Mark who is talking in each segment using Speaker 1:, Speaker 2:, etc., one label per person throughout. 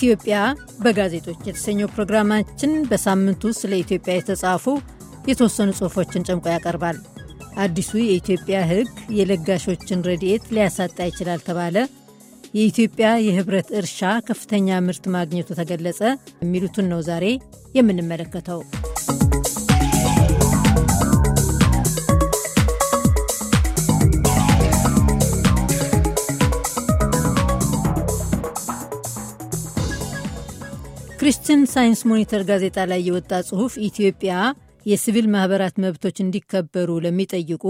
Speaker 1: ኢትዮጵያ በጋዜጦች የተሰኘው ፕሮግራማችን በሳምንቱ ውስጥ ስለ ኢትዮጵያ የተጻፉ የተወሰኑ ጽሑፎችን ጨምቆ ያቀርባል። አዲሱ የኢትዮጵያ ሕግ የለጋሾችን ረድኤት ሊያሳጣ ይችላል ተባለ፣ የኢትዮጵያ የህብረት እርሻ ከፍተኛ ምርት ማግኘቱ ተገለጸ፣ የሚሉትን ነው ዛሬ የምንመለከተው። ሳይንስ ሞኒተር ጋዜጣ ላይ የወጣ ጽሑፍ ኢትዮጵያ የሲቪል ማኅበራት መብቶች እንዲከበሩ ለሚጠይቁ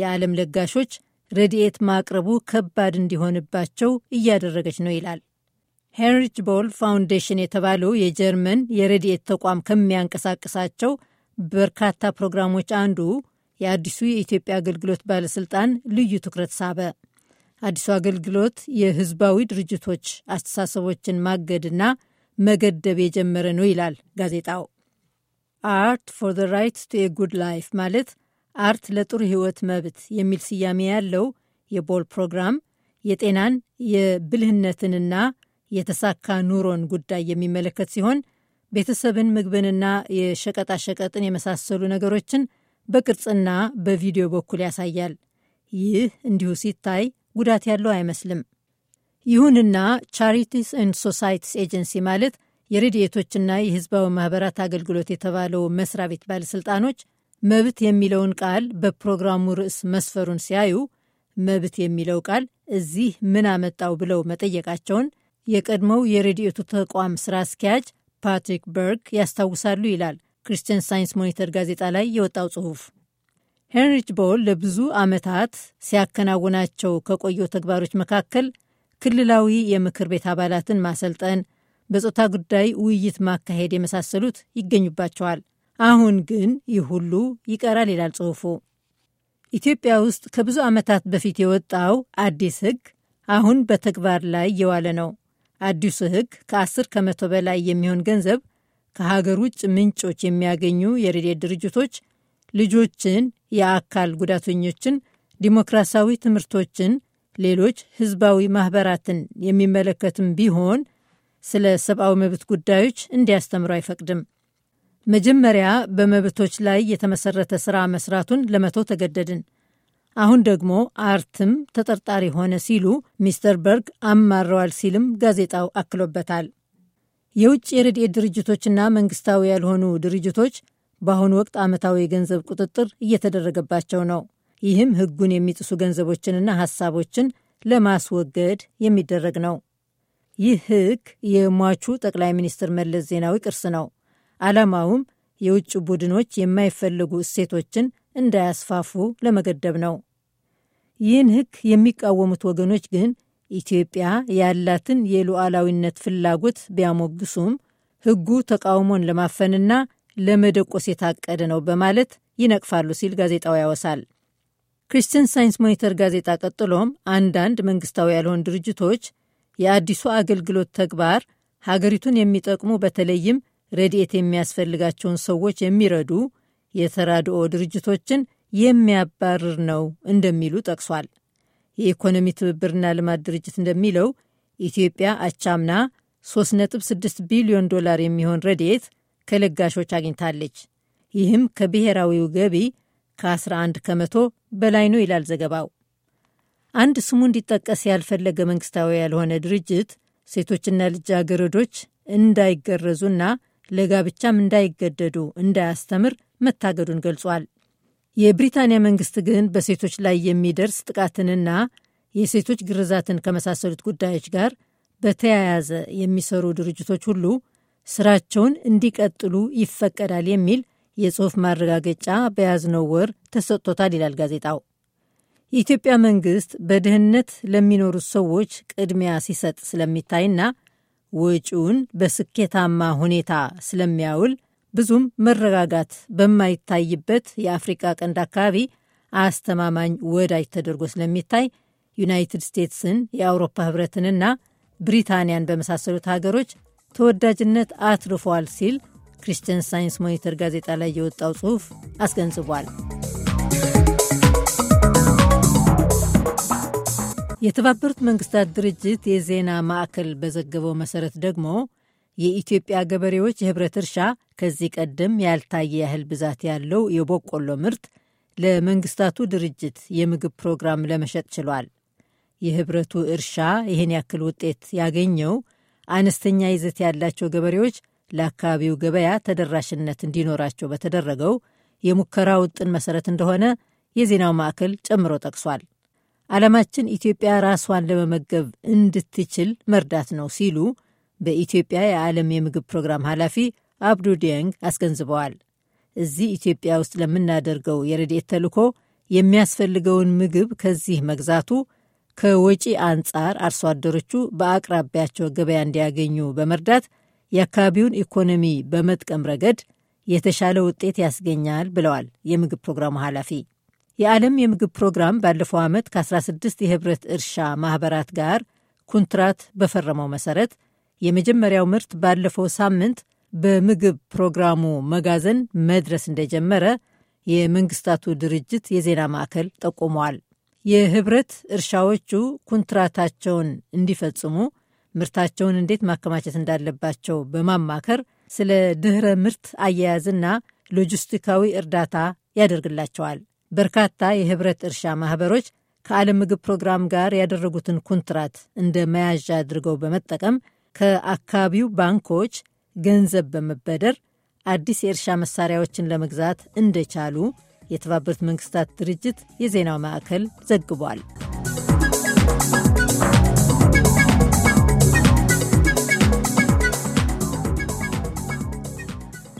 Speaker 1: የዓለም ለጋሾች ረድኤት ማቅረቡ ከባድ እንዲሆንባቸው እያደረገች ነው ይላል። ሄንሪች ቦል ፋውንዴሽን የተባለው የጀርመን የረድኤት ተቋም ከሚያንቀሳቅሳቸው በርካታ ፕሮግራሞች አንዱ የአዲሱ የኢትዮጵያ አገልግሎት ባለሥልጣን ልዩ ትኩረት ሳበ። አዲሱ አገልግሎት የህዝባዊ ድርጅቶች አስተሳሰቦችን ማገድና መገደብ የጀመረ ነው ይላል ጋዜጣው። አርት ፎር ዘ ራይት ቱ ኤ ጉድ ላይፍ ማለት አርት ለጥሩ ሕይወት መብት የሚል ስያሜ ያለው የቦል ፕሮግራም የጤናን የብልህነትንና የተሳካ ኑሮን ጉዳይ የሚመለከት ሲሆን ቤተሰብን፣ ምግብንና የሸቀጣሸቀጥን የመሳሰሉ ነገሮችን በቅርጽና በቪዲዮ በኩል ያሳያል። ይህ እንዲሁ ሲታይ ጉዳት ያለው አይመስልም። ይሁንና ቻሪቲስ ኤንድ ሶሳይቲስ ኤጀንሲ ማለት የረድኤቶችና የህዝባዊ ማኅበራት አገልግሎት የተባለው መስሪያ ቤት ባለሥልጣኖች መብት የሚለውን ቃል በፕሮግራሙ ርዕስ መስፈሩን ሲያዩ መብት የሚለው ቃል እዚህ ምን አመጣው ብለው መጠየቃቸውን የቀድሞው የረድኤቱ ተቋም ሥራ አስኪያጅ ፓትሪክ በርግ ያስታውሳሉ ይላል ክርስቲያን ሳይንስ ሞኒተር ጋዜጣ ላይ የወጣው ጽሑፍ። ሄንሪች ቦል ለብዙ ዓመታት ሲያከናውናቸው ከቆየው ተግባሮች መካከል ክልላዊ የምክር ቤት አባላትን ማሰልጠን፣ በጾታ ጉዳይ ውይይት ማካሄድ የመሳሰሉት ይገኙባቸዋል። አሁን ግን ይህ ሁሉ ይቀራል ይላል ጽሑፉ። ኢትዮጵያ ውስጥ ከብዙ ዓመታት በፊት የወጣው አዲስ ሕግ አሁን በተግባር ላይ እየዋለ ነው። አዲሱ ሕግ ከ10 ከመቶ በላይ የሚሆን ገንዘብ ከሀገር ውጭ ምንጮች የሚያገኙ የረድኤት ድርጅቶች ልጆችን፣ የአካል ጉዳተኞችን፣ ዲሞክራሲያዊ ትምህርቶችን ሌሎች ህዝባዊ ማኅበራትን የሚመለከትም ቢሆን ስለ ሰብአዊ መብት ጉዳዮች እንዲያስተምሩ አይፈቅድም። መጀመሪያ በመብቶች ላይ የተመሰረተ ሥራ መስራቱን ለመተው ተገደድን። አሁን ደግሞ አርትም ተጠርጣሪ ሆነ ሲሉ ሚስተር በርግ አማረዋል ሲልም ጋዜጣው አክሎበታል። የውጭ የረድኤት ድርጅቶችና መንግስታዊ ያልሆኑ ድርጅቶች በአሁኑ ወቅት ዓመታዊ የገንዘብ ቁጥጥር እየተደረገባቸው ነው። ይህም ህጉን የሚጥሱ ገንዘቦችንና ሐሳቦችን ለማስወገድ የሚደረግ ነው። ይህ ህግ የሟቹ ጠቅላይ ሚኒስትር መለስ ዜናዊ ቅርስ ነው። ዓላማውም የውጭ ቡድኖች የማይፈልጉ እሴቶችን እንዳያስፋፉ ለመገደብ ነው። ይህን ህግ የሚቃወሙት ወገኖች ግን ኢትዮጵያ ያላትን የሉዓላዊነት ፍላጎት ቢያሞግሱም ህጉ ተቃውሞን ለማፈንና ለመደቆስ የታቀደ ነው በማለት ይነቅፋሉ ሲል ጋዜጣው ያወሳል። ክርስቲያን ሳይንስ ሞኒተር ጋዜጣ ቀጥሎም አንዳንድ መንግስታዊ ያልሆኑ ድርጅቶች የአዲሱ አገልግሎት ተግባር ሀገሪቱን የሚጠቅሙ በተለይም ረድኤት የሚያስፈልጋቸውን ሰዎች የሚረዱ የተራድኦ ድርጅቶችን የሚያባርር ነው እንደሚሉ ጠቅሷል። የኢኮኖሚ ትብብርና ልማት ድርጅት እንደሚለው ኢትዮጵያ አቻምና 3.6 ቢሊዮን ዶላር የሚሆን ረድኤት ከለጋሾች አግኝታለች። ይህም ከብሔራዊው ገቢ ከ11 ከመቶ በላይ ነው ይላል ዘገባው። አንድ ስሙ እንዲጠቀስ ያልፈለገ መንግስታዊ ያልሆነ ድርጅት ሴቶችና ልጃገረዶች እንዳይገረዙና ለጋብቻም እንዳይገደዱ እንዳያስተምር መታገዱን ገልጿል። የብሪታንያ መንግስት ግን በሴቶች ላይ የሚደርስ ጥቃትንና የሴቶች ግርዛትን ከመሳሰሉት ጉዳዮች ጋር በተያያዘ የሚሰሩ ድርጅቶች ሁሉ ስራቸውን እንዲቀጥሉ ይፈቀዳል የሚል የጽሑፍ ማረጋገጫ በያዝነው ወር ተሰጥቶታል ይላል ጋዜጣው። የኢትዮጵያ መንግስት በድህነት ለሚኖሩ ሰዎች ቅድሚያ ሲሰጥ ስለሚታይና ወጪውን በስኬታማ ሁኔታ ስለሚያውል ብዙም መረጋጋት በማይታይበት የአፍሪቃ ቀንድ አካባቢ አስተማማኝ ወዳጅ ተደርጎ ስለሚታይ ዩናይትድ ስቴትስን የአውሮፓ ህብረትንና ብሪታንያን በመሳሰሉት ሀገሮች ተወዳጅነት አትርፏል ሲል ክርስቲያን ሳይንስ ሞኒተር ጋዜጣ ላይ የወጣው ጽሑፍ አስገንዝቧል። የተባበሩት መንግስታት ድርጅት የዜና ማዕከል በዘገበው መሰረት ደግሞ የኢትዮጵያ ገበሬዎች የህብረት እርሻ ከዚህ ቀደም ያልታየ ያህል ብዛት ያለው የበቆሎ ምርት ለመንግስታቱ ድርጅት የምግብ ፕሮግራም ለመሸጥ ችሏል። የህብረቱ እርሻ ይህን ያክል ውጤት ያገኘው አነስተኛ ይዘት ያላቸው ገበሬዎች ለአካባቢው ገበያ ተደራሽነት እንዲኖራቸው በተደረገው የሙከራ ውጥን መሰረት እንደሆነ የዜናው ማዕከል ጨምሮ ጠቅሷል። ዓላማችን ኢትዮጵያ ራሷን ለመመገብ እንድትችል መርዳት ነው ሲሉ በኢትዮጵያ የዓለም የምግብ ፕሮግራም ኃላፊ አብዱ ዲያንግ አስገንዝበዋል። እዚህ ኢትዮጵያ ውስጥ ለምናደርገው የረድኤት ተልኮ የሚያስፈልገውን ምግብ ከዚህ መግዛቱ ከወጪ አንጻር አርሶ አደሮቹ በአቅራቢያቸው ገበያ እንዲያገኙ በመርዳት የአካባቢውን ኢኮኖሚ በመጥቀም ረገድ የተሻለ ውጤት ያስገኛል ብለዋል የምግብ ፕሮግራሙ ኃላፊ። የዓለም የምግብ ፕሮግራም ባለፈው ዓመት ከ16 የህብረት እርሻ ማኅበራት ጋር ኩንትራት በፈረመው መሰረት የመጀመሪያው ምርት ባለፈው ሳምንት በምግብ ፕሮግራሙ መጋዘን መድረስ እንደጀመረ የመንግስታቱ ድርጅት የዜና ማዕከል ጠቁመዋል። የህብረት እርሻዎቹ ኩንትራታቸውን እንዲፈጽሙ ምርታቸውን እንዴት ማከማቸት እንዳለባቸው በማማከር ስለ ድኅረ ምርት አያያዝና ሎጂስቲካዊ እርዳታ ያደርግላቸዋል። በርካታ የህብረት እርሻ ማህበሮች ከዓለም ምግብ ፕሮግራም ጋር ያደረጉትን ኮንትራት እንደ መያዣ አድርገው በመጠቀም ከአካባቢው ባንኮች ገንዘብ በመበደር አዲስ የእርሻ መሳሪያዎችን ለመግዛት እንደቻሉ የተባበሩት መንግስታት ድርጅት የዜናው ማዕከል ዘግቧል።